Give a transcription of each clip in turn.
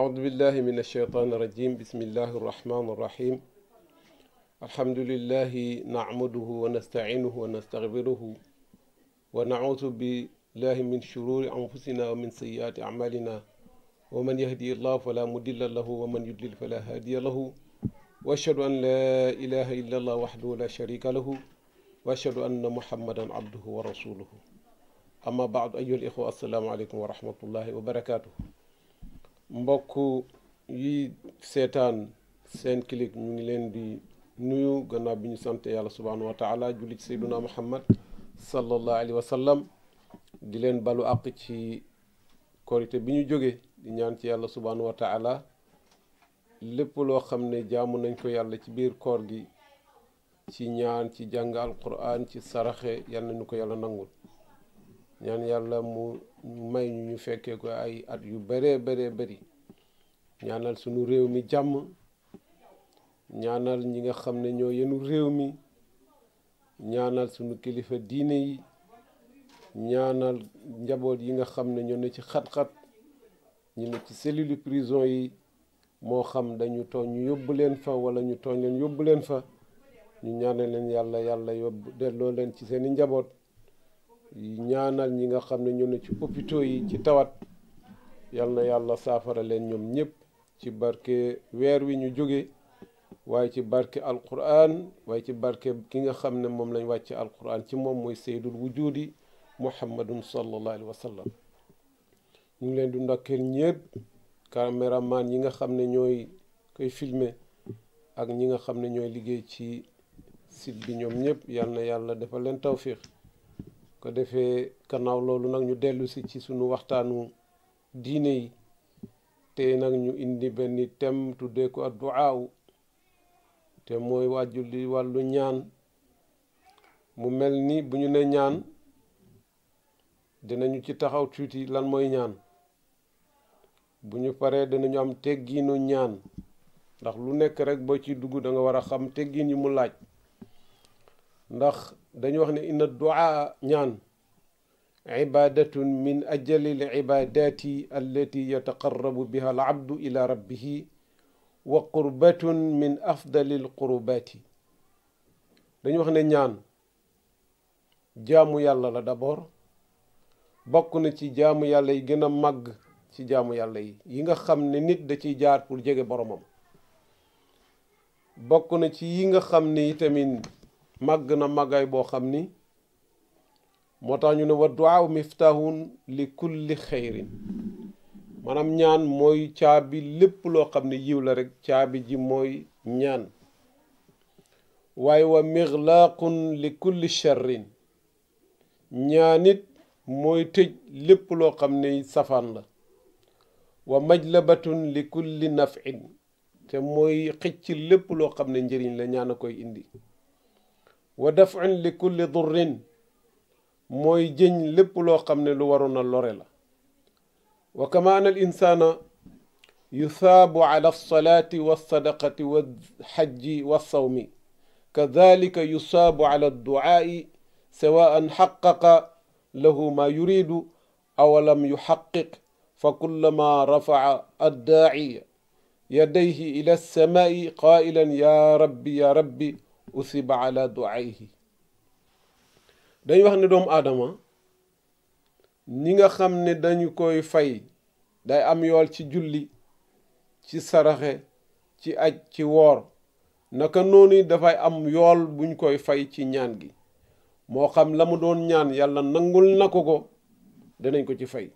أعوذ بالله من الشيطان الرجيم بسم الله الرحمن الرحيم الحمد لله نعمده ونستعينه ونستغفره ونعوذ بالله من شرور أنفسنا ومن سيئات أعمالنا ومن يهدي الله فلا مضل له ومن يضلل فلا هادي له وأشهد أن لا إله إلا الله وحده لا شريك له وأشهد أن محمدا عبده ورسوله أما بعد أيها الإخوة السلام عليكم ورحمة الله وبركاته mbokk yi seetaan Senclic mu ngi leen di nuyu gannaaw bi ñu sant yàlla subhaanahu wa taala julli ci sayduna muhammad sallallahu alayhi wa di leen balu àq ci korité bi ñu jóge di ñaan ci yàlla subhaanahu wa lépp loo xam ne jaamu nañ ko yàlla ci biir koor gi ci ñaan ci jàng alquran ci saraxe yal nañu ko yàlla nangul ñaan yàlla mu may ñu ñu fekkee ko ay at yu bëree bëree bëri ñaanal sunu réew mi jàmm ñaanal ñi nga xam ne ñoo yenu réew mi ñaanal sunu kilifa diine yi ñaanal njaboot yi nga xam ne ñoo ne ci xat-xat ñu ne ci cellule prison yi moo xam dañu tooñ ñu yóbbu leen fa wala ñu tooñ leen yóbbu leen fa ñu ñaanal leen yàlla yàlla yóbbu delloo leen ci seeni njaboot ñaanal ñi nga xam ne ñu ne ci hôpitaux yi ci tawat yal na yàlla saafara leen ñoom ñëpp ci barke weer wi ñu jóge waaye ci barke alquran waaye ci barke ki nga xam ne moom lañ wàcce alquran ci moom mooy seydul wujudi muhammadun sallallahu alayhi wa sallam ñu ngi leen di ndokkeel ñëpp caméraman yi nga xam ne ñooy koy filmer ak ñi nga xam ne ñooy liggéey ci site bi ñoom ñëpp yal na yàlla defal leen tawfiq ko defee gannaaw loolu nag ñu dellusi ci sunu waxtaanu diine yi te nag ñu indi benn tem tuddee ko adduaaw te mooy wàjju li wàllu ñaan mu mel ni bu ñu ne ñaan dinañu ci taxaw tuuti lan mooy ñaan bu ñu paree dinañu am teggiinu ñaan ndax lu nekk rek boo ci dugg danga nga war a xam teggiin yi mu laaj ndax dañu wax ne inna duaa ñaan ibadatun min ajali l ibadati allati yataqarabu biha al abdu ila rabbihi wa qurbatun min afdali l qurubati dañu wax ne ñaan jaamu yàlla la d'abord bokk na ci jaamu yàlla yi gën a màgg ci jaamu yàlla yi yi nga xam ne nit da ciy jaar pour jege boromam bokk na ci yi nga xam ne itamit màgg na màggaay boo xam ni moo tax ñu ne wa duwaaw miftahun li kulli xeyrin maanaam ñaan mooy caabi lépp loo xam ne yiw la rek caabi ji mooy ñaan waaye wa mixlaaqun li kulli sharrin ñaanit mooy tëj lépp loo xam ne safaan la wa majlabatun li kulli nafin te mooy xëcc lépp loo xam ne njëriñ la ñaan a koy indi wa dafun li kulli durrin mooy jëñ lépp loo xam ne lu waroon a lore la wa kama an al insaana yusaabu ala alsalaati walsadaqati walxajji walsawmi kadalika yusaabu ala adduaai sawaan xaqaqa lahu maa yuridu aw lam yuxaqiq fa kullama rafaca addaaci yadayhi ila alsamaai qaa'ilan ya rabbi ya rabbi usiba ala duayhi dañuy wax ne doomu aadama ñi nga xam ne dañu koy fay day am yool ci julli ci saraxe ci aj ci woor naka noonu dafay am yool buñ koy fay ci ñaan gi moo xam la mu doon ñaan yàlla nangul na ko ko danañ ko ci fay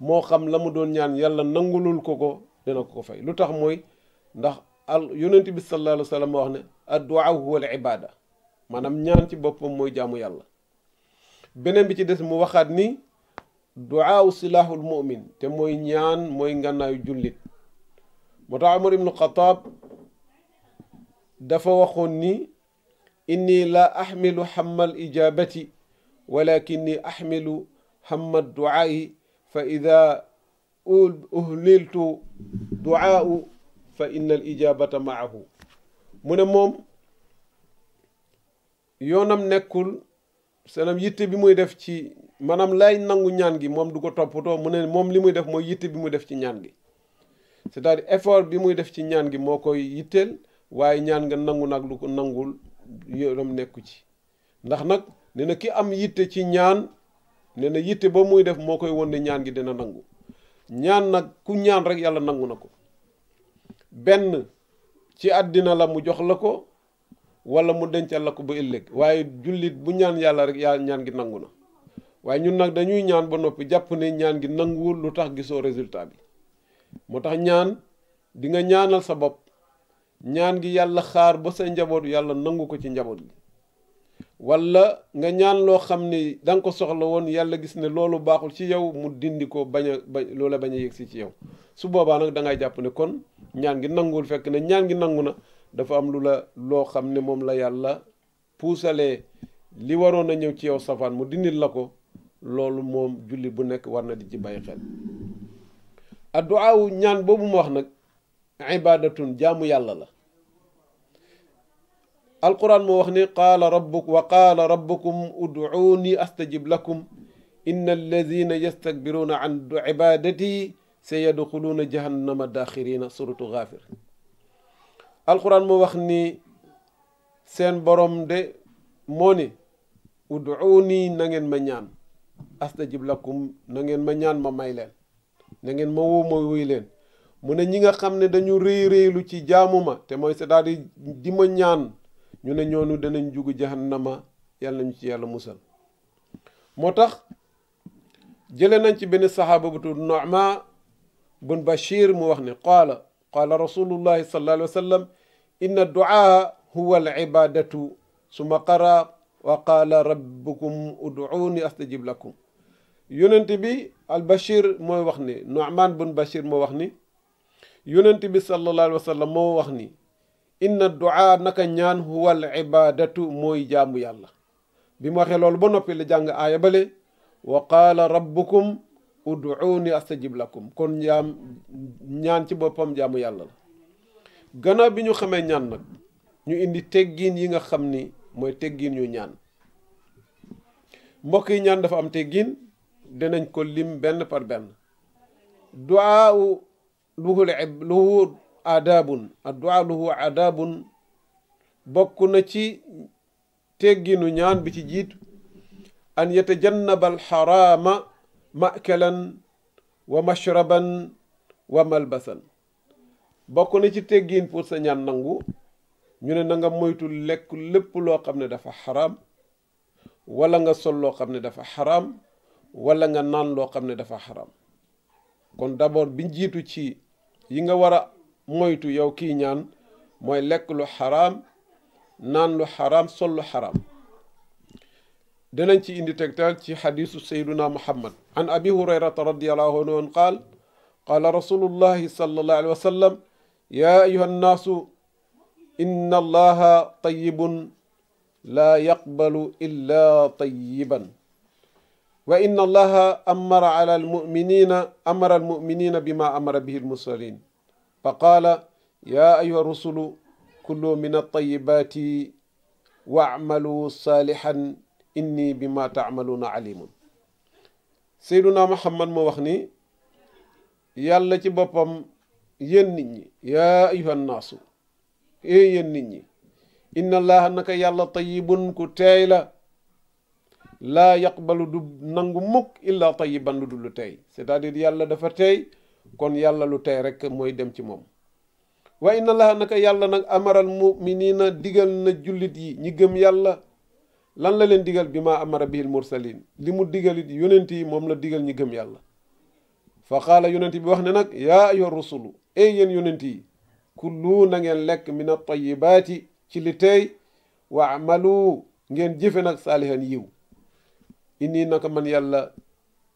moo xam la mu doon ñaan yàlla nangulul ko ko dana ko ko fay lu tax mooy ndax al yonent bi sallallahu alayhi wa wax ne addu'a huwa al ibada maanaam ñaan boppam mooy jaamu yàlla beneen bi ci des mu waxaat ni du'aaw silaaxul mu'min te mooy ñaan mooy ngànnaayu jullit moo tax ibnu Xataab dafa waxoon ni inni la axmilu xammal ijaabati walakinni axmilu xamma du'aayi fa ida uhliltu du'aau fa inna al ijabata maahu mu ne moom yoonam nekkul sanam yitte bi muy def ci maanaam lay nangu ñaan gi moom du ko toppatoo mu ne moom li muy def mooy yitte bi mu def ci ñaan gi c'est-à-dire bi muy def ci ñaan gi moo koy yitteel waaye ñaan nga nangu nag lu ko nangul yoonam nekku ci ndax nag nee na ki am yitte ci ñaan nee na yitte ba muy def moo koy won ne ñaan gi dina nangu ñaan nag ku ñaan rek yàlla nangu na ko benn ci àddina la mu jox la ko wala mu dencal la ko ba ëllëg waaye jullit bu ñaan yàlla rek yàlla ñaan gi nangu na waaye ñun nag dañuy ñaan ba noppi jàpp ne ñaan gi nanguwul lu tax gisoo résultat bi moo tax ñaan dinga ñaanal sa bopp ñaan gi yàlla xaar ba sa njaboot yàlla nangu ko ci njaboot gi wala nga ñaan loo xam ni da ko soxla woon yàlla gis ne loolu baaxul ci yow mu dindi ko bañ a ba bañ a yegsi ci yow su boobaa nag da ngay jàpp ne kon ñaan gi nangul fekk ne ñaan gi nangu na dafa am lu la loo xam ne moom la yàlla puusalee li waroon a ñëw ci yow safaan mu dindil la ko loolu moom julli bu nekk war na di ci bàyyi xel adduwaawu ñaan boobu wax nag ibadatun jaamu yàlla la alquran moo wax ni qaala rabbuk wa qaala rabbukum udcuuni astajib lakum inna alladina yastakbiruuna an cibaadati sa yadxuluuna jahannama daaxirina suratu gaafir alquran moo wax ni seen boroom de moo ni udcuuni na ma ñaan astajib lakum na ma ñaan ma may leen na ngeen ma woo ma wuy leen mu ne ñi nga xam ne dañu réy réylu ci jaamuma te mooy cest di ma ñaan ñu ne ñoonu danañ jugu jahannama yàlla nañu ci yàlla musal moo tax jële nañ ci benn saxaaba bu tudd Nu'ma bun Bachir mu wax ne qaala qaala rasulullahi sallallahu alayhi wa sallam inna al ibadatu suma qara wa qaala rabbukum uduuni astajib lakum yonent bi al Bachir mooy wax ni Nu'man bun Bachir moo wax ni yonent bi sallallahu alayhi wa sallam wax ni inna duaa naka ñaan huwal ibaadatu mooy jaamu yàlla bi mu waxee loolu ba noppi la jàng aaya bale wa qaala rabbukum ud'uuni astajib lakum kon jaam ñaan ci boppam jàmm yàlla la gannaaw bi ñu xamee ñaan nag ñu indi teggiin yi nga xam ni mooy teggiin yu ñaan mbokk yi ñaan dafa am teggiin dinañ ko lim benn par benn duaa luhul luhu aadaabun adduaa lahu aadaabun bokk na ci tegginu ñaan bi ci jiitu an yatajannaba alxaraama makalan wa mashraban wa malbasan bokk na ci teggin pour sa ñaan nangu ñu ne nanga nga moytu lekk lépp loo xam ne dafa xaraam wala nga sol loo xam ne dafa xaraam wala nga naan loo xam ne dafa xaraam kon d'abord bi jiitu ci yi nga war moytu yow kii ñaan mooy lekk lu xaraam naan lu xaraam sol lu xaraam dinañ ci indi tegtal ci xadiisu sayduna muhammad an abi hurayrata radiallahu anhu an qaal qaala rasulullahi sallallahu alayhi wa sallam yaa ayuha annaasu inna allaha tayibun laa yaqbalu illa tayiban wa inna allaha amara ala almuminina amara almuminina bima amara bihi almursalin fa qaala yaa ayuha rusulu kullu min altayibaati waamalu saalixan inni bima taamaluuna alimun seyduna muhammad moo wax ni yàlla ci boppam yéen nit ñi yaa ayuha nnaasu ee yéen nit ñi inna allaha naka yàlla tayibun ku teey la laa yaqbalu du nangu mukk illa tayiban lu dul lu teey c'est-à-dire yàlla dafa teey kon yàlla lu tey rek mooy dem ci moom wa inna la naka yàlla nag amaral muminina digal na jullit yi ñi gëm yàlla lan la leen digal bi ma amara bihil mursalin li mu digalit yonent yi moom la digal ñi gëm yàlla fa qaala yonent bi wax ne nag yaa ayyuha rusulu ey yéen yonent yi kullu na ngeen lekk min at-tayyibaati ci li tey wa amalu ngeen jëfe nag saalihan yiw inni naka man yàlla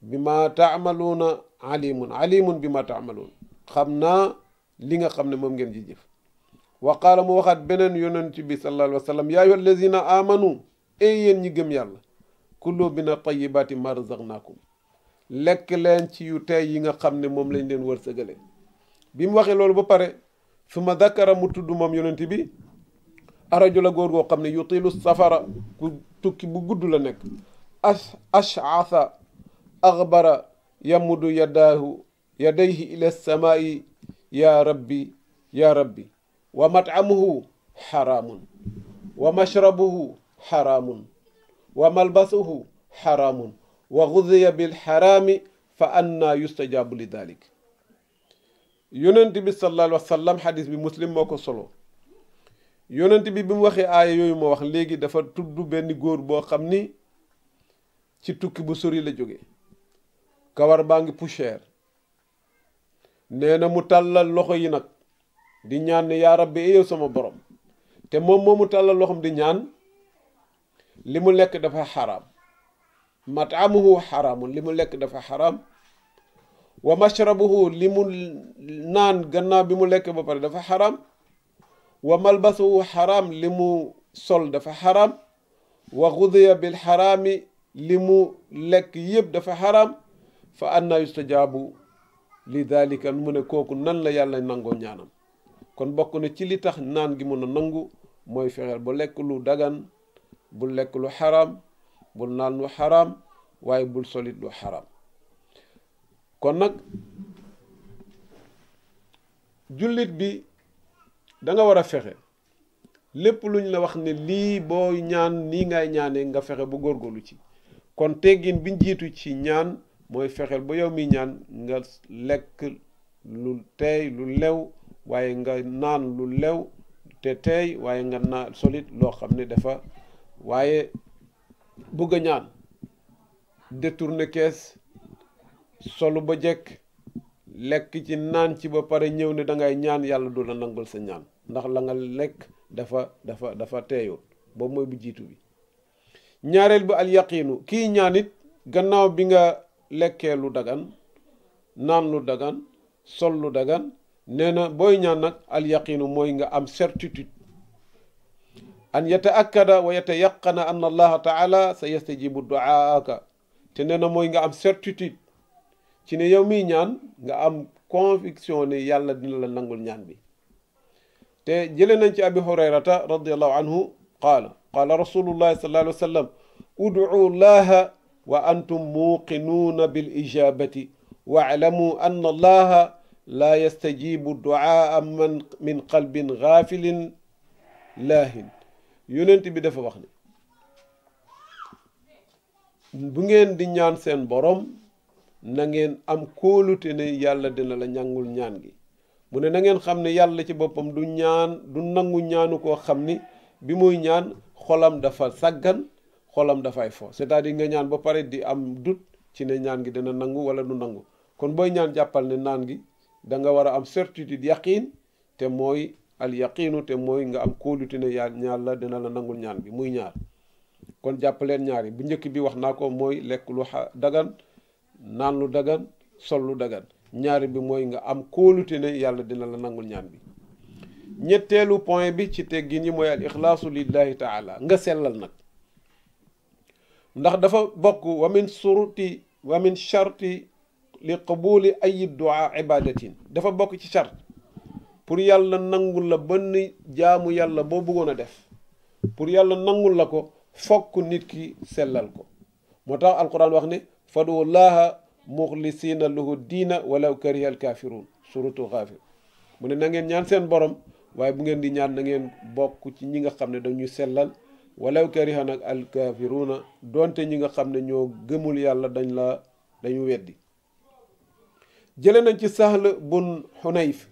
bi ma taamaluuna alimun alimun bi ma taamaloon xam naa li nga xam ne moom ngeen ji jëf wa qaala mu waxaat beneen yonent bi sallallahu alayhi wa sallam yaa ayyuha allazina amanu ey yéen ñi gëm yàlla kullu mina tayibaati ma razaqnaakum lekk leen ci yu tey yi nga xam ne moom lañ leen wërsëgale bi mu waxee loolu ba pare su ma mu tudd moom yonent bi arajo la góor goo xam ne yutilu safara ku tukki bu gudd la nekk as ashaasa axbara yamudu yadaahu yadayhi ila samaa'i yaa rabbi yaa rabbi wa mat'amuhu xaraamun wa mashrabuhu xaraamun wa malbasuhu xaraamun wa gudiya bilxaraami fa annaa yustajaabu li daalik yonent bi sallallahu alayhi wa sallam bi muslim moo ko solo bi bi mu waxee aaya yooyu ma wax léegi dafa tudd benn góor boo xam ni ci tukki bu suri la jóge kawar baa ngi poussière nee na mu tàllal loxo yi nag di ñaan ne yaa rabbi yow sama borom te moom mu tàllal loxom di ñaan li mu lekk dafa xaraam mataamuhu xaraamun li mu lekk dafa xaraam wa mashrabuhu li mu gannaaw bi mu lekk ba pare dafa xaraam wa malbasuhu xaraam li mu sol dafa xaraam wa xudiya bil xaraami li mu lekk yépp dafa xaraam fa anna yustajaabu li dalika mu ne kooku nan la yàlla nangoo ñaanam kon bokk na ci li tax naan gi mën a nangu mooy fexeel bu lekk lu dagan bu lekk lu xaraam bul naan lu xaraam waaye bul solit lu xaram kon nag jullit bi danga war a fexe lépp luñ la wax ne lii boo ñaan nii ngay ñaanee nga fexe bu góorgóorlu ci kon teggin bi jiitu ci ñaan mooy fexeel ba yow mi ñaan nga lekk lu teey lu lew waaye nga naan lu lew te teey waaye nga naan solit loo xam ne dafa waaye bëgg a ñaan détourné kees solu ba jekk lekk ci naan ci ba pare ñëw ne da ngay ñaan yàlla du la nangul sa ñaan ndax la nga lekk dafa dafa dafa teeyoon boobu mooy bu jiitu bi ñaareel bi al yaqiinu kii gannaaw bi nga lekkee lu dagan naan lu dagan sol lu dagan nee na booy ñaan nag al yaqinu mooy nga am certitude an yataakkada wa yatayaqana an allaha taala sa yastajibu duaaka te nee na mooy nga am certitude ci ne yow miy ñaan nga am conviction ne yàlla dina la nangul ñaan bi te jële nañ ci abi hurayrata radiallahu anhu qaala qaala rasulullahi sallallahu alayhi wa wa antum muuqinuuna bil ijaabati waalamu anna allaha laa yastajibu duaa man min qalbin gaafilin laahin yonent bi dafa wax ne bu ngeen di ñaan seen borom na ngeen am kóolute ne yàlla dina la ñàngul ñaan gi mu ne na ngeen xam ne yàlla ci boppam du ñaan du nangu ñaanu koo xam ni bi muy ñaan xolam dafa sàggan xolam dafay fo c'est-à-dire nga ñaan ba pare di am dut ci ne ñaan gi dina nangu wala du nangu kon booy ñaan jàppal ne naan gi danga war a am certitude yaqiin te mooy al yaqiinu te mooy nga am kóolute ne yaa ñaan la nangul ñaan bi muy ñaar kon jàppaleen ñaar bu njëkk bi wax naa ko mooy lekk lu dagan naan lu dagan sol lu dagan ñaari bi mooy nga am kóolute ne yàlla dina la nangul ñaan bi ñetteelu point bi ci teggin yi mooy al ixlaasu lillahi taala nga sellal nag ndax dafa bokk wamin min suruti wa min charti li qabuli ay duaa dafa bokk ci chart pour yàlla nangul la benn jaamu yàlla boo bëggoon a def pour yàlla nangul la ko fokk nit ki sellal ko moo tax alquran wax ne fadu laaha muxlisina lahu diina walaw kariha alkaafiruun suratu xaafir mu ne na ngeen ñaan seen borom waaye bu ngeen di ñaan na ngeen bokk ci ñi nga xam ne dañu sellal walaw kariha nag alkaafiruuna donte ñi nga xam ne ñoo gëmul yàlla dañ la dañu weddi jële nañ ci sahl bun xunayf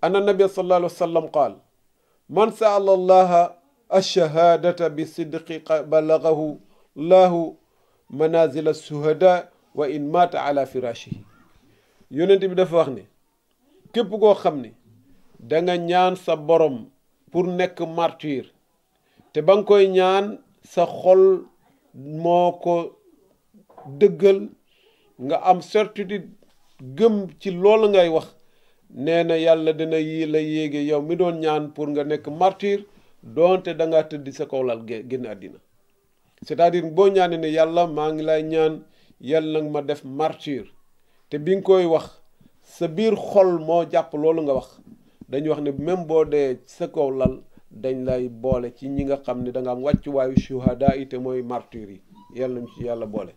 anna nabia sallallahu alayhi wa sallam qaal man saala allaha alchahaadata bi sidqi balagahu laahu manazila suhada wa in maata ala firashihi yonent bi dafa wax ne képp koo xam ne danga ñaan sa borom pour nekk martyr te ba nga koy ñaan sa xol moo ko dëggal nga am certitude gëm ci loolu ngay wax nee na yàlla dina yi la yéege yow mi doon ñaan pour nga nekk martyr doonte da nga tëdd sa kaw lal génn àddina c'est-à-dire boo ñaanee ne yàlla maa ngi lay ñaan yàlla nag ma def martyr te bi nga koy wax sa biir xol moo jàpp loolu nga wax dañuy wax ne même boo dee sa kaw lal dañ lay boole ci ñi nga xam ne da nga am wàccuwaayu shuhada yi te mooy martyr yi yàlla nañ ci yàlla boole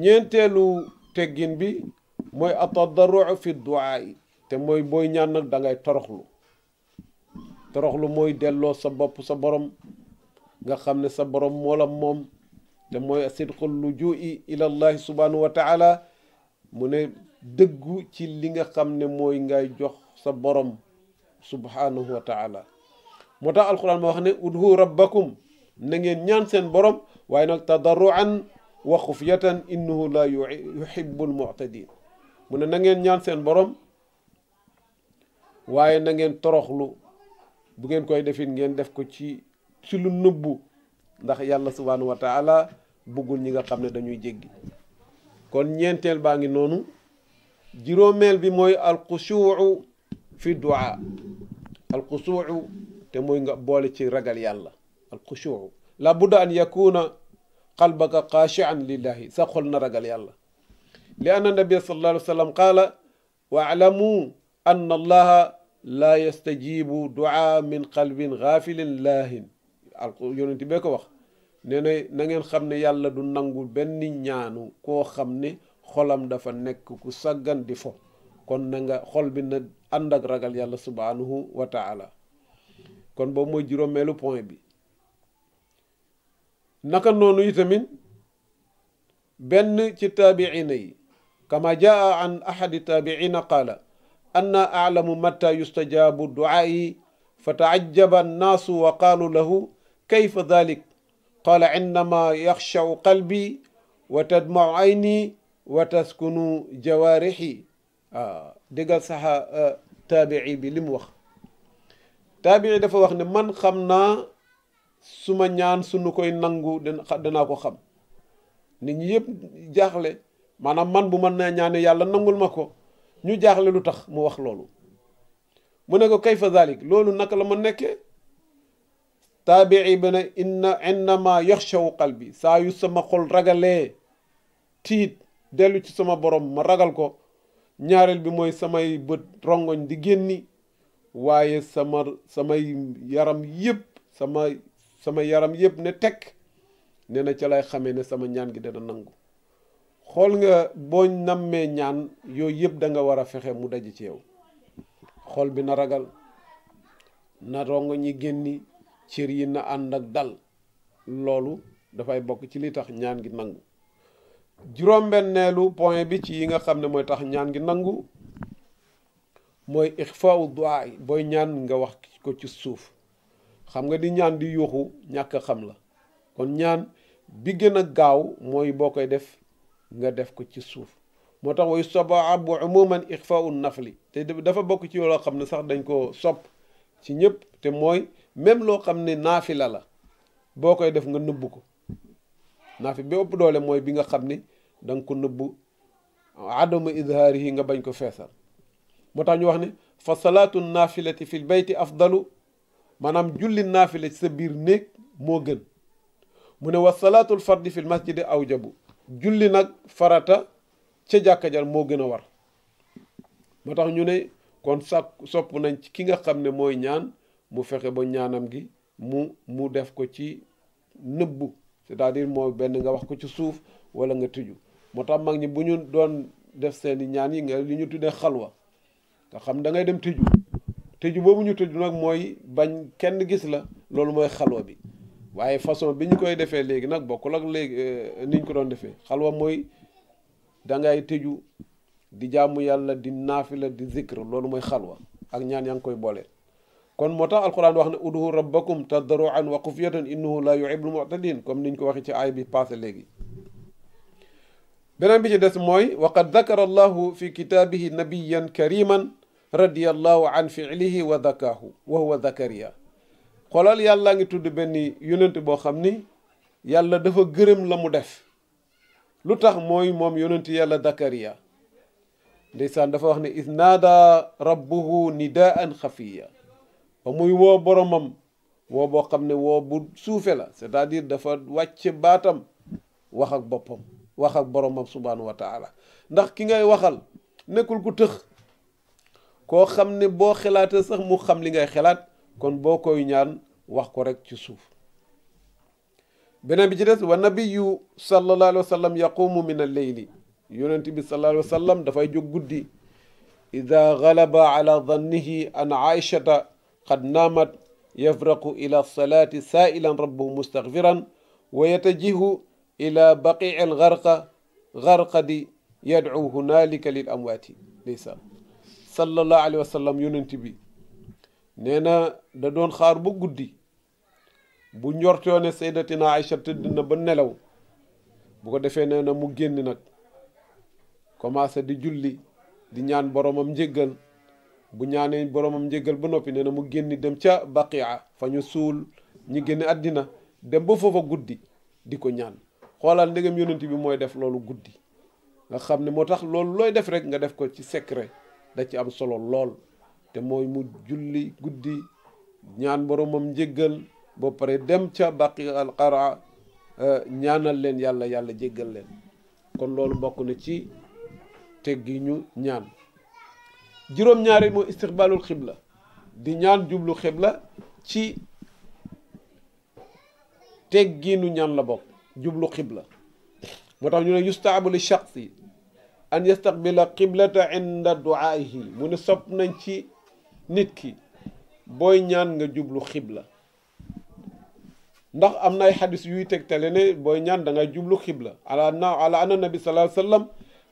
ñeenteelu teggin bi mooy atadarru fi duaa te mooy booy ñaan nag da toroxlu toroxlu mooy delloo sa bopp sa borom nga xam ne sa borom moo la moom te mooy sidqul lujui ilallahi subhanahu wa taala mu ne dëggu ci li nga xam ne mooy ngay jox sa borom subhanahu wa moo tax alquran ma wax ne udhu rabbakum na ngeen ñaan seen boroom waaye nag tadarruan wa xufyatan innahu la yuhibbu almu'tadin mu ne na ngeen ñaan seen borom waaye na ngeen toroxlu bu ngeen koy defit ngeen def ko ci ci lu nëbbu ndax yàlla subhanahu wa taala bëggul ñi nga xam ne dañuy jéggi kon ñeenteel baa ngi noonu juróomeel bi mooy alxusuu fi duaa alxusuu te muy nga boole ci ragal yàlla al xushuu la budda an yakuna qalbaka xaashian lillahi sa xol na ragal yàlla li anna nabia sallallahu alayhi wa sallam qaala waalamu anna allaha laa yastajibu duaa min qalbin gaafilin laahin al yonent bee ko wax nee na na ngeen xam ne yàlla du nangu benn ñaanu koo xam ne xolam dafa nekk ku saggan di fo kon na nga xol bi na ànd ak ragal yàlla subhaanahu wa taala kon boobu mooy juróomeelu point bi naka noonu itamit benn ci taabiina yi kama jaa an ahadi taabiina qaala anna aalamu mata yustajaabu duaayi fa taajaba annaasu wa qaalu lahu kayfa dalik qaala innama yaxshau qalbi wa tadmau ayni wa taskunu jawaarixi waaw déggal saxa taabii bi li mu wax taabi'i dafa wax ne man xam naa su ma ñaan sunu koy nangu danaa ko xam nit ñi yëpp jaaxle maanaam man bu mën naa ñaane yàlla nangul ma ko ñu jaaxle lu tax mu wax loolu mu ne ko kayfa zalik loolu naka la ma nekkee taabii ba ne inna innama yaxshawu qalbi saa yu sama xol ragalee tiit dellu ci sama borom ma ragal ko ñaareel bi mooy samay bët rongoñ di génni waaye sama samay yaram yëpp sama sama yaram yëpp ne tekk nee na ca lay xamee ne sama ñaan gi dana nangu xool nga boo nammee ñaan yooyu yëpp danga war a fexe mu daje ci yow xool bi na ragal na rongo ñi génni cër yi na ànd ak dal loolu dafay bokk ci li tax ñaan gi nangu juróom-benneelu point bi ci yi nga xam ne mooy tax ñaan gi nangu mooy ixfaau duaa booy ñaan nga wax ko ci suuf xam nga di ñaan di yuuxu ñàkk xam la kon ñaan bi gën a gaaw mooy boo koy def nga def ko ci suuf moo tax way soba bu umuman ixfaau li te dafa bokk ci loo xam ne sax dañ ko sopp ci ñëpp te mooy même loo xam ne naafila la boo koy def nga nëbb ko naafi bi ëpp doole mooy bi nga xam ne da nga ko nëbb adama izhaari yi nga bañ ko feesal moo tax ñu wax ne fa salaatu naafilati fil bayti afdalu maanaam julli naafila ci sa biir néeg moo gën mu ne wa salaatul fardi fil masjidi aw jabu julli nag farata ca jàkka jar moo gën a war moo tax ñu ne kon sa sopp nañ ci ki nga xam ne mooy ñaan mu fexe ba ñaanam gi mu mu def ko ci nëbbu c'est-à-dire benn nga wax ko ci suuf wala nga tëju moo tax mag ñi bu ñu doon def seeni ñaan yi nga li ñu tuddee xalwa te xam da ngay dem tëju tëju boobu ñu tëju nag mooy bañ kenn gis la loolu mooy xalwa bi waaye façon bi ñu koy defee léegi nag bokkul ak léegi eh, ni ñu ko doon defee xalwa mooy da ngay tëju di jaamu yàlla di naafila di zikr loolu mooy xalwa ak ñaan yaa ngi koy boole. kon moo tax al alquran wax ne udhu rabbakum tadarruan wa xufyatan innahu la yuhibbul mu'tadin comme niñ ko waxee ci ay bi passé léegi beneen bi ci des mooy wa qad dakara allahu fi kitaabihi nabiyan kariman radiyallahu an fiilihi wa dakahu wa huwa zakariya xoolal yàlla ngi tudd benn yonent boo xam ni yàlla dafa gërëm la mu def lu tax mooy moom yonent yàlla zakariya ndeysaan dafa wax ne is naada rabbuhu nidaan xafiya ba muy woo boromam woo boo xam ne woo bu suufe la c'est-à-dire dafa wàcce baatam wax ak boppam wax ak boromam subhanahu wa taala ndax ki ngay waxal nekkul ku tëx koo xam ne boo xalaatee sax mu xam li ngay xalaat kon boo koy ñaan wax ko rek ci suuf beneen bi ci des wa nabiyu sallallahu alayhi wa sallam yaqumu min alleyli yonent bi sallallahu alayhi wa sallam dafay jóg guddi ida galaba ala dannihi an aishata qad naamat yafraqu ila salaati saailan rabbuhu mustaghfiran wa yatajihu ila baqii algarqa garqadi yadcu hunalika lil amwaati ndeysaan sallallahu alayhi wa sallam yonent bi nee na da doon xaar bu guddi bu njortoo ne saydatina Aïcha tëdd na ba nelaw bu ko defee nee na mu génn nag commencé di julli di ñaan boromam njéggal bu ñaanee boromam njégal ba noppi nee na mu génn dem ca baqia fa ñu suul ñi génn àddina dem ba foofa guddi di ko ñaan xoolaal ndegam yonent bi mooy def loolu guddi nga xam ne moo tax loolu looy def rek nga def ko ci secret da ci am solo lool te mooy mu julli guddi ñaan boromam njéggal ba pare dem ca baqi al qara eh, ñaanal leen yàlla yàlla jéggal leen kon loolu bokk na ci teggi ñaan juróom-ñaari mooy istiqbaalul xibla di ñaan jublu xibla ci teggiinu ñaan la bokk jublu xibla moo tax ñu ne yustaabu li shaxsi an yastaqbila qiblata inda duaihi mu ne sopp nañ ci nit ki booy ñaan nga jublu xibla ndax am na ay xadis yuy tegtale ne booy ñaan dangay ngay jublu xibla ala na ala anna nabi sallallahu alayhi wa sallam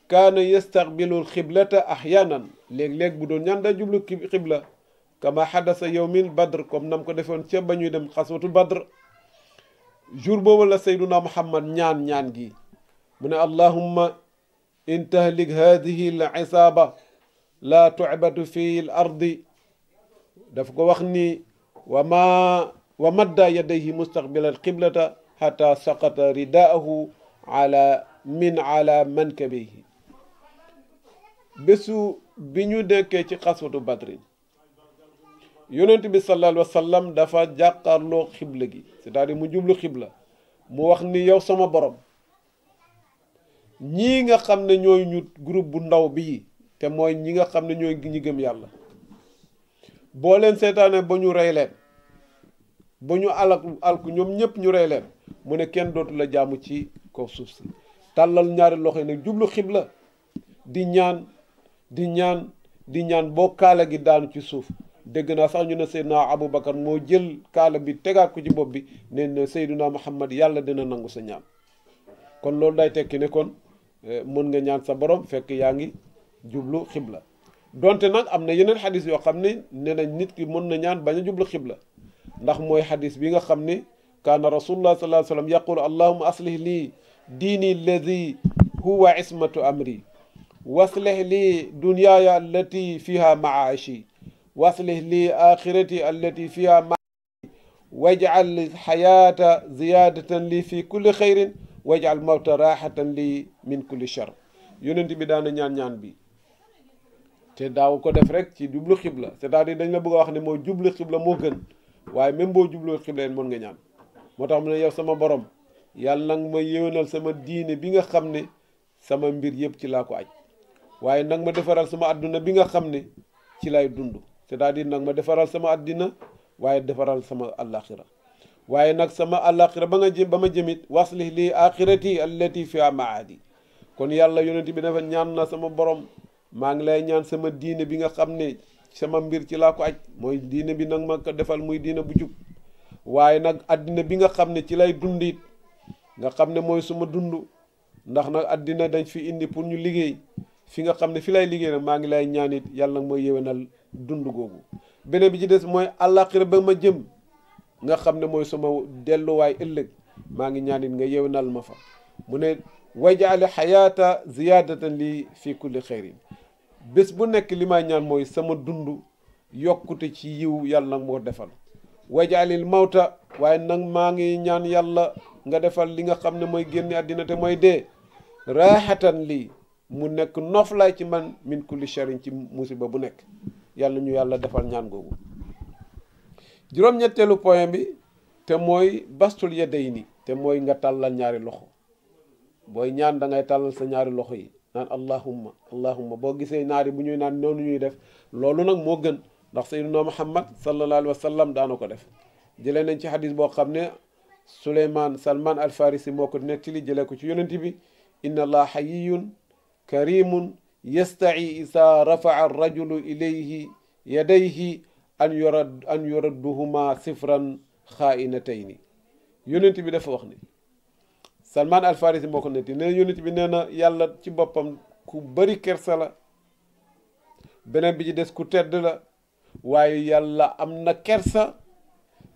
kaana yastaqbilu xiblata axyanan léeg-léeg bu doon ñaan day jublu xibla kama xadasa yowmil badr comme nam ko defoon ceeb ba ñuy dem xaswatu badr jour boobu la sayduna muhammad ñaan ñaan gi mu ne allahumma in tahlik hadihi l isaaba laa fi l ardi ko wax ni wa ma wa madda yadayhi mustaqbila al qiblata xata saqata ridaahu ala min ala mankabihi bésu bi ñu nekkee ci xaswatu badrin yonent bi sallallahu alayhi dafa jàkkaarloo xibla gi cest à mu jublu xibla mu wax ni yow sama borom ñii nga xam ne ñooy ñu groupe bu ndaw bii te mooy ñi nga xam ne ñooy ñi gëm yàlla boo leen seetaane ba ñu rey leen ba ñu alak alku ñoom ñëpp ñu rey leen mu ne kenn dootu la jaamu ci ko suuf si tàllal ñaari loxo yi nag jublu xibla di ñaan di ñaan di ñaan boo kaala gi daanu ci suuf dégg naa sax ñu ne abu Aboubacar moo jël kaala bi tegaat ko ci bopp bi ne ne Seydina Muhammad yàlla dina nangu sa ñaan kon loolu day tekki ne Euh, mën nga ñaan sa borom fekk yaa ngi jublu xibla donte nag am na yeneen xadis yoo xam ne nee nañ nit ki mën na ñaan bañ a jublu xibla ndax mooy xadis bi nga xam ne kaana rasulullah sallallahu alayhi wa sallam yaqulu allahuma aslih lii diini alladi huwa ismatu amri waslih lii dunyaaya allati fiha maashi waslih lii axirati allati fiha maashi wajcal xayaata ziyaadatan lii fi kulli xayrin wajal mawta raaxatan li min kulli shar yonent bi daana ñaan-ñaan bi te daaw ko def rek ci jublu xibla c'est-à-dire dañ la bëgg a wax ne moo jublu xibla moo gën waaye même boo jublu xibla mën nga ñaan moo tax mu ne yow sama boroom yàlla nag ma yéwénal sama diine bi nga xam ne sama mbir yëpp ci laa ko aj waaye nag ma defaral sama àdduna bi nga xam ne ci lay dund c'est-à-dire nag ma defaral sama àddina waaye defaral sama àllaaxira waaye nag sama àllaaxira ba nga jëm ba ma jëmit waslih lii axirati allati fiha maadi kon yàlla yonent bi dafa ñaan na sama borom maa ngi lay ñaan sama diine bi nga xam ne sama mbir ci laa mooy diine bi nag ma ko defal muy diine bu jub waaye nag addina bi nga xam ne ci lay dund nga xam ne mooy suma dund ndax nag addina dañ fi indi pour ñu liggéey fi nga xam ne fi lay liggéey maa ngi lay ñaan yàlla mooy yéwénal dund googu beneen bi ci des mooy àllaaxira ba ma jëm nga xam ne mooy sama delluwaay ëllëg maa ngi ñaanit nga yewenal ma fa mu ne wajaale xayaata ziyaadatan lii fi kulli xeyrin bés bu nekk li may ñaan mooy sama dund yokkute ci yiw yàlla nag moo defal wajaalil mawta waaye nag maa ngi ñaan yàlla nga defal li nga xam ne mooy génn àddina te mooy dee raaxatan lii mu nekk noflaay ci man min kulli sharin ci musiba bu nekk yàlla ñu yàlla defal ñaan googu juróom-ñetteelu point bi te mooy bastul yedday ni te mooy nga tàllal ñaari loxo booy ñaan da ngay tàllal sa ñaari loxo yi naan allahumma allahumma boo gisee ñaari bu ñuy naan noonu ñuy def loolu nag moo gën ndax sayyiduna muhammad sallallahu alayhi wa sallam daana ko def jëlee nañ ci xadis boo xam ne suleyman salman al farisi moo ko nettali jëlee ko ci yonent bi inna allah xayiyun karimun yasta'i isa rafaa rajulu ilayhi yadayhi an yorad an yoradduhuma sifran xaainatayni yonent bi dafa wax ni salman alfarisi moo ko netti nee yonent bi yàlla ci boppam ku bari kersa la beneen bi ci des ku tedd la waaye yàlla am na kersa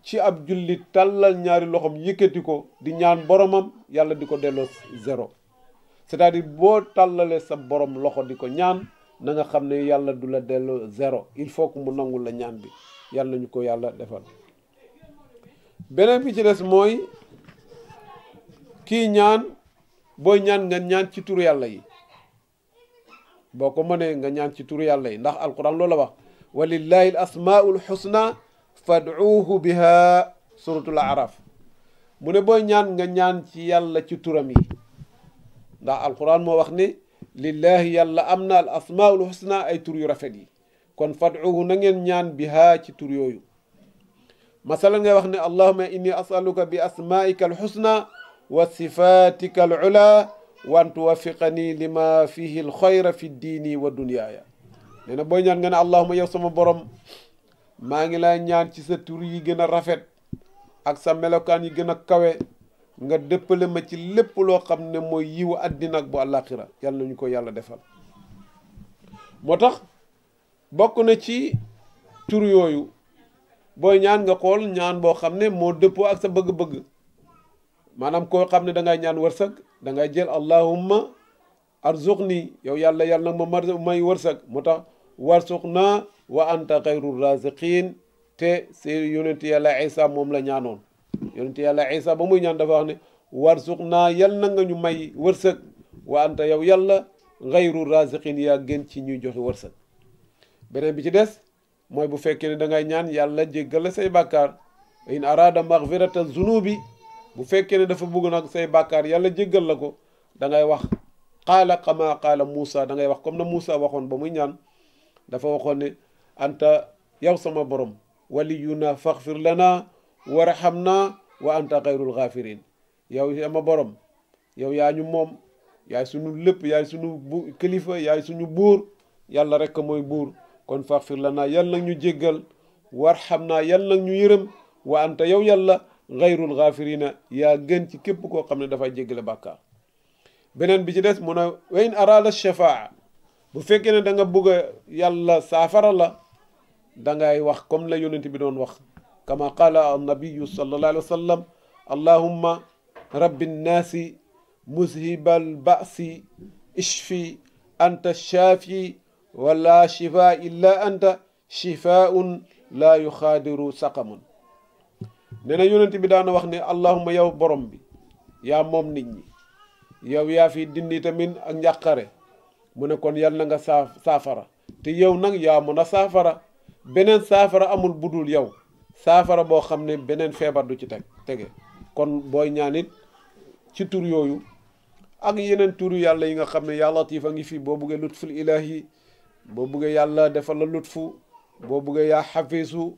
ci ab jullit tàllal ñaari loxoom yëkkati ko di ñaan boromam yàlla di ko delloo zéro cest à boo tàllalee sa borom loxo di ko ñaan na nga xam ne yàlla du la delloo zéro il faut mu nangul la ñaan bi yàlla ñu ko yàlla defal beneen bi ci des mooy kii ñaan booy ñaan nga ñaan ci turu yàlla yi boo ko mënee nga ñaan ci turu yàlla yi ndax alquran loolu la wax walillahi al asmaul xusna fad'uuhu biha suratul araf mu ne booy ñaan nga ñaan ci yàlla ci turam yi ndax alquran moo wax ni lillahi yàlla am na al asmaul husna ay tur yu rafet yi kon fad'uhu na ngeen ñaan bihaa ci tur yooyu masalan ngay wax ne allahuma inni asaluka bi asmaika al husna wa sifatika al ula wa an tuwaffiqani lima fihi al xayra fi diini wa dunyaaya nee na booy ñaan nga ne allahuma yow sama borom maa ngi lay ñaan ci sa tur yi gën a rafet ak sa melokaan yi gën a kawe nga dëppale ma ci lépp loo xam ne mooy yiwu àddina ak bu àllaaxira yàlla nañu ko yàlla defal moo tax bokk na ci tur yooyu booy ñaan nga xool ñaan boo xam ne moo dëppoo ak sa bëgg-bëgg maanaam koo xam ne dangay ngay ñaan wërsëg da ngay jël allahumma nii yow yàlla yàlla nag ma may wërsëg moo tax warsuq naa wa anta xayru raziqin te si yonent yàlla Isa moom la ñaanoon yonent yàlla isa ba muy ñaan dafa wax ne warsuq naa yal na nga ñu may wërsëg wa anta yow yàlla ru raziqin yaa gën ci ñuy joxe wërsëg beneen bi ci des mooy bu fekkee ne da ngay ñaan yàlla jéggal la say bàkkaar in arada maxfirata zunubi bu fekkee ne dafa bëgg nag say bàkkaar yàlla jéggal la ko dangay wax qaala kama qaala Moussa da ngay wax comme na Moussa waxoon ba muy ñaan dafa waxoon ne anta yow sama borom waliyuna faxfir lana war warhamna wa anta xayrul xaafirin yow sama borom yow yaa ñu moom yaay suñu lépp yaay suñu kilifa yaay suñu buur yàlla rek mooy buur kon faxfir lana yàlla nag ñu jéggal naa yàlla nag ñu yërëm wa anta yow yàlla xayrul xaafirina yaa gën ci képp koo xam ne dafay jéggale bàkkaar beneen bi ci des mu ne weyn araada shafaa bu fekkee ne danga nga bëgg a yàlla saafara la da wax comme la yonent bi doon wax kama qaala annabiyu sallallahu alayhi wa sallam allahumma rabbi nnaasi muzhibal ba'si ishfi shaafi wala shifaa illa anta shifaun laa yuxaadiru saqamun nee na yonent bi daana wax ne allahuma yow borom bi ya moom nit ñi yow yaa fi dindi tamit ak njàqare mu ne kon yal na nga saafara te yow nag yaa mën a saafara beneen saafara amul budul yow saafara boo xam ne beneen feebar du ci teg tege kon booy ñaan it ci tur yooyu ak yeneen turu yàlla yi nga xam ne yàlla latiif a ngi fi boo buggee lutful ilaahi boo buggee yàlla defal la lutfu boo buggee yaa xafiisu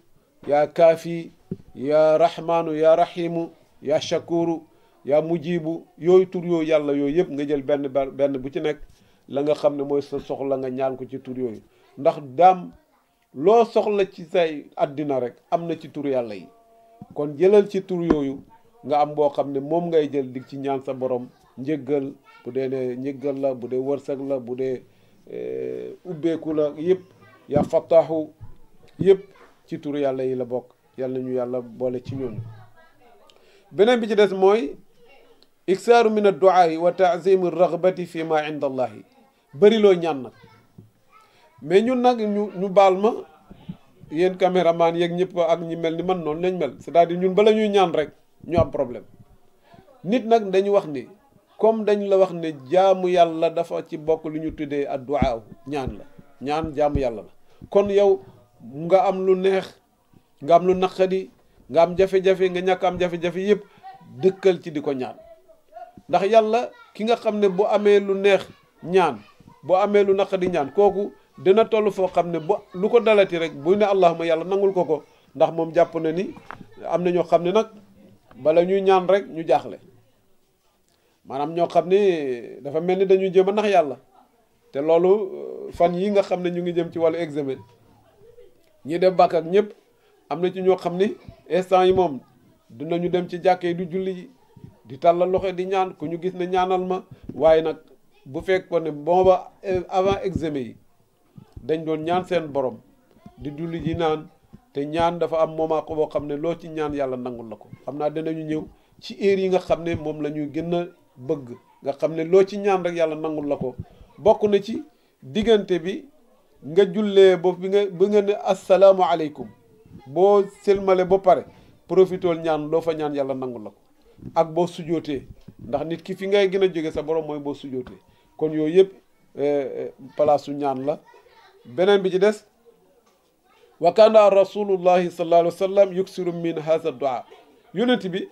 yaa kaafi yaa rahmaanu yaa rahimu yaa shakuru yaa mujibu yooyu tur yooyu yàlla yooyu yëpp nga jël benn ba benn bu ci nekk la nga xam ne mooy sa soxla nga ñaan ko ci tur yooyu ndax daam loo soxla ci say àddina rek am na ci tur yàlla yi kon jëlal ci tur yooyu nga am boo xam ne moom ngay jël dig ci ñaan sa borom njëggal bu dee ne njëggal la bu dee wërsëg la bu dee eh, ubbeeku la yëpp yaa fattaxu yëpp ci tur yàlla yi la bokk yàlla ñu yàlla boole ci ñoom beneen bi ci des mooy iksaaru min adduaa wa taazimu ragbati fi ma inda allahi bëriloo ñaan nag mais ñun nag ñu ñu baal ma yéen caméraman yeeg ñëpp ak ñi mel ni man noonu lañ mel c'est-à-dire ñun bala ñuy ñaan rek ñu am problème nit nag dañu wax ni comme dañ la wax ne jaamu yàlla dafa ci bokk lu ñu tuddee adduwaaw ñaan la ñaan jaamu yàlla la kon yow nga am lu neex nga am lu naqadi nga am jafe-jafe nga ñàkk am jafe-jafe yëpp dëkkal ci di ko ñaan ndax yàlla ki nga xam ne bu amee lu neex ñaan bu amee lu naqadi ñaan kooku dina toll foo xam ne ba lu ko dalati rek bu ne allahuma yàlla nangul ko ko ndax moom jàpp na ni am na ñoo xam ne nag bala ñuy ñaan rek ñu jaaxle maanaam ñoo xam ne dafa mel ni dañuy jëm a nax yàlla te loolu euh, fan yi nga xam ne ñu ngi jëm ci wàllu examen ñi def bàkk ak ñëpp am na ci ñoo xam ni instant yi moom ñu dem ci jàkka yi du julli yi di tàllal loxo di ñaan ku ñu gis ne ñaanal ma waaye nag bu fekkoon ne booba euh, avant examen yi dañ doon ñaan seen borom di julli ji naan te ñaan dafa am moment ko boo xam ne loo ci ñaan yàlla nangul la ko xam naa danañu ñëw ci heure yi nga xam ne moom la ñuy gën a bëgg nga xam ne loo ci ñaan rek yàlla nangul la ko bokk na ci diggante bi nga jullee ba bi nga ba nga ne boo sëlmale ba pare profitool ñaan loo fa ñaan yàlla nangul la ko ak boo sujootee ndax nit ki fi ngay gën a jóge sa borom mooy boo sujootee kon yooyu yëpp eh, eh, palaasu ñaan la beneen bi ci des wa kaana rasulullahi sallallahu alayhi wa sallam yuksiru min haza doa yonent bi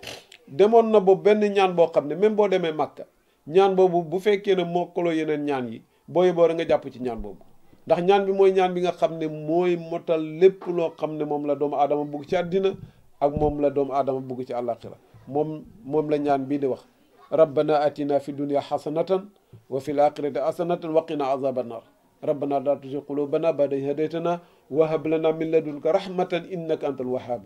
demoon na ba benn ñaan boo xam ne même boo demee màkka ñaan boobu bu fekkee ne mokkaloo yeneen ñaan yi boo yeboo da nga jàpp ci ñaan boobu ndax ñaan bi mooy ñaan bi nga xam ne mooy motal lépp loo xam ne moom la doomu aadama bugg ci àddina ak moom la doomu aadama bugg ci àllaaxira moom moom la ñaan bii di wax rabbana atina fi dunia xasanatan wa fi l axirati xasanatan wa qina azaba naar rabbana la tuzigh qulubana ba'da idh hadaytana wa la lana min ladunka rahmatan innaka antal wahhab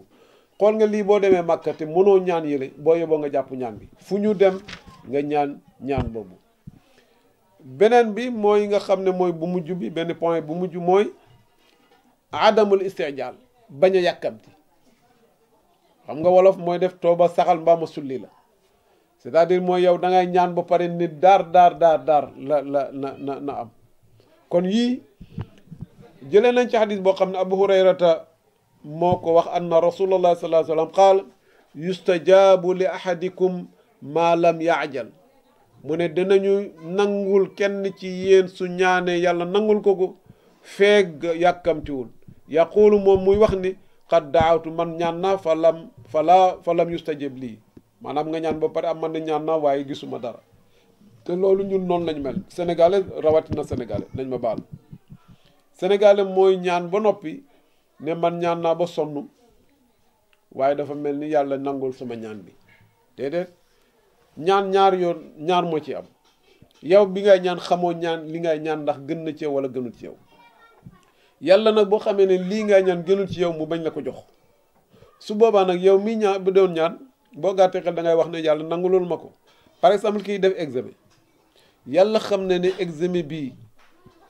xool nga lii boo demee Màkka te mënoo ñaan yële boo yeboo nga jàpp ñaan bi fu ñu dem nga ñaan ñaan boobu beneen bi mooy nga xam ne mooy bu mujj bi benn point bu mujj mooy adamul istijaal bañ a yàkkamti xam nga wolof mooy def ba saxal mbaa ma sulli la c'est-à-dire mooy yow da ngay ñaan ba pare ni daar daar daar daar la la na am kon yii jëlee nañ ci xadis boo xam ne abu hurayrata moo ko wax an rasulallah sallallahu alayhi wasallam qaal yustajaabu li ahadikum ma lam yaajal mu ne dinañu nangul kenn ci yéen su ñaanee yàlla nangul ko ko feeg yàkkamtiwul yaquulu moom muy wax ni qad daawtu man ñaan na fa lam fa la fa lam yustajib lii maanaam nga ñaan ba pare am man na ñaan na waaye gisuma dara te loolu ñun noonu lañ mel sénégalais rawatina sénégalais nañ ma baal sénégalais mooy ñaan ba noppi ne man ñaan naa ba sonn waaye dafa mel ni yàlla nangul sama ñaan bi déedéet ñaan ñaar yoon ñaar moo ci am yow bi ngay ñaan xamoo ñaan li ngay ñaan ndax gën na ci yow wala gënul ci yow yàlla nag boo xamee ne lii ngay ñaan gënul ci yow mu bañ la ko jox su boobaa nag yow mi ñaan bu doon ñaan boo gàttee xel da wax ne yàlla nangulul ma ko par exemple kiy def examen. yàlla xam na ni examen bi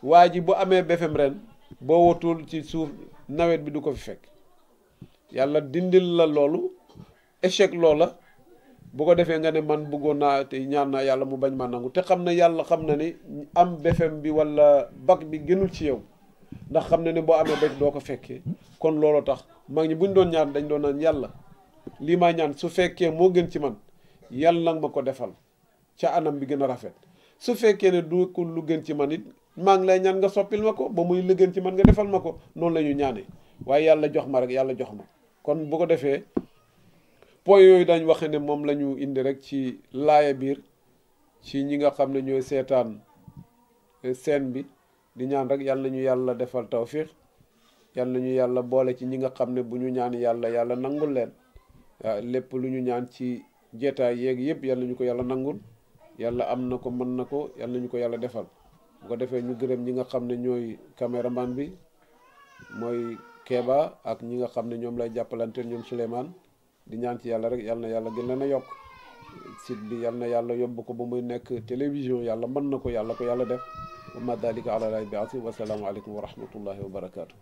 waa ji bu amee BFEM ren boo watul ci suuf nawet bi du ko fi fekk yàlla dindil la loolu échec loola bu ko defee nga ne man bëggoon naa te ñaan naa yàlla mu bañ ma nangu te xam na yàlla xam na ne am BFEM bi walla bag bi gënul ci yow ndax xam na ne boo amee bac doo ko fekkee kon loolu tax mag ñi buñ doon ñaar dañ doon naan yàlla lii maa ñaan su fekkee moo gën ci man yàlla nag ma ko defal ca anam bi gën a rafet su fekkee ne du ko lu gën ci man it maa ngi lay ñaan nga soppil ma ko ba muy lu gën ci man nga defal ma ko noonu la ñu ñaanee waaye yàlla jox ma rek yàlla jox ma kon bu ko defee point yooyu dañ waxe ne moom la ñu indi rek ci laaya biir ci ñi nga xam ne ñooy seetaan eh, seen bi di ñaan rek yàlla nañu yàlla defal tawfiq yàlla nañu yàlla boole ci ñi nga xam ne bu ñu ñaan yàlla yàlla nangul leen waaw ah, lépp lu ñu ñaan ci jeetaay yéeg yëpp yàlla nañu ko yàlla nangul yàlla am na ko mën na ko yàlla nañu ko yàlla defal bu ko defee ñu gërëm ñi nga xam ne ñooy caméraman bi mooy keebaa ak ñi nga xam ne ñoom lay jàppalanteel ñoom Souleymane di ñaan ci yàlla rek yàlla na yàlla gën leen a yokk site bi yàlla na yàlla yóbbu ko ba muy nekk télévision yàlla mën na ko yàlla ko yàlla def wa ma dalika ala lahi bi asi wasalaamualeykum wa rahmatullahi wa barakaatu.